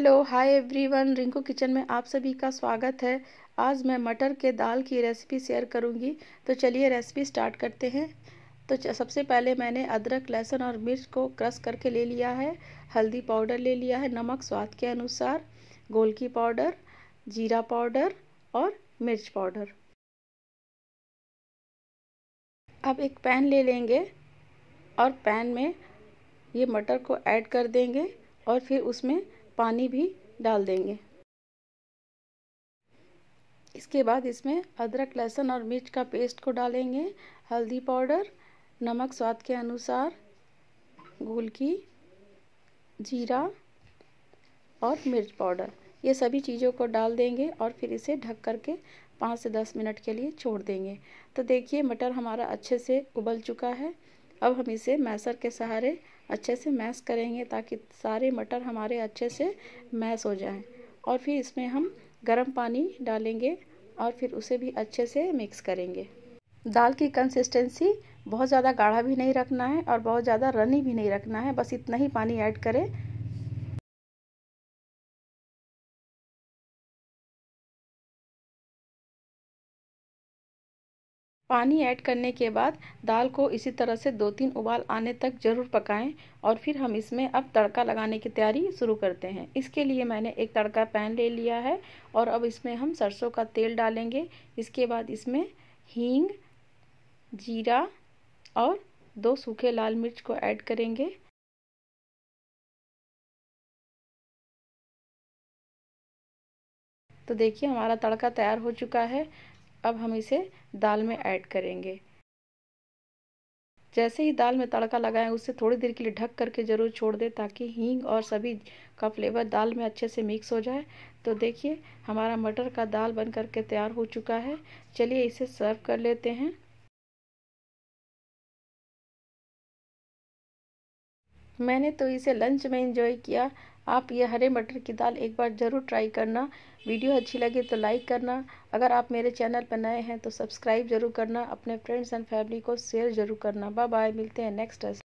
hello hi everyone Rinku kitchen में आप सभी का स्वागत है आज मैं मटर के दाल की रेसिपी शेयर करूंगी तो चलिए रेसिपी स्टार्ट करते हैं तो सबसे पहले मैंने अदरक लहसुन और मिर्च को क्रश करके ले लिया है हल्दी पाउडर ले लिया है नमक स्वाद के अनुसार गोलकी पाउडर जीरा पाउडर और मिर्च पाउडर अब एक पैन ले लेंगे और पैन में ये मटर को ऐड कर देंगे और फिर उसमें पानी भी डाल देंगे इसके बाद इसमें अदरक लहसुन और मिर्च का पेस्ट को डालेंगे हल्दी पाउडर नमक स्वाद के अनुसार घोल की जीरा और मिर्च पाउडर ये सभी चीज़ों को डाल देंगे और फिर इसे ढक कर के पाँच से दस मिनट के लिए छोड़ देंगे तो देखिए मटर हमारा अच्छे से उबल चुका है अब हम इसे मैसर के सहारे अच्छे से मैश करेंगे ताकि सारे मटर हमारे अच्छे से मैश हो जाएं और फिर इसमें हम गर्म पानी डालेंगे और फिर उसे भी अच्छे से मिक्स करेंगे दाल की कंसिस्टेंसी बहुत ज़्यादा गाढ़ा भी नहीं रखना है और बहुत ज़्यादा रनी भी नहीं रखना है बस इतना ही पानी ऐड करें पानी ऐड करने के बाद दाल को इसी तरह से दो तीन उबाल आने तक ज़रूर पकाएं और फिर हम इसमें अब तड़का लगाने की तैयारी शुरू करते हैं इसके लिए मैंने एक तड़का पैन ले लिया है और अब इसमें हम सरसों का तेल डालेंगे इसके बाद इसमें हींग जीरा और दो सूखे लाल मिर्च को ऐड करेंगे तो देखिए हमारा तड़का तैयार हो चुका है अब हम इसे दाल में ऐड करेंगे जैसे ही दाल में तड़का लगाएं उसे थोड़ी देर के लिए ढक करके ज़रूर छोड़ दें ताकि हींग और सभी का फ्लेवर दाल में अच्छे से मिक्स हो जाए तो देखिए हमारा मटर का दाल बन करके तैयार हो चुका है चलिए इसे सर्व कर लेते हैं मैंने तो इसे लंच में इंजॉय किया आप ये हरे मटर की दाल एक बार ज़रूर ट्राई करना वीडियो अच्छी लगे तो लाइक करना अगर आप मेरे चैनल पर नए हैं तो सब्सक्राइब जरूर करना अपने फ्रेंड्स एंड फैमिली को शेयर जरूर करना बाय बाय मिलते हैं नेक्स्ट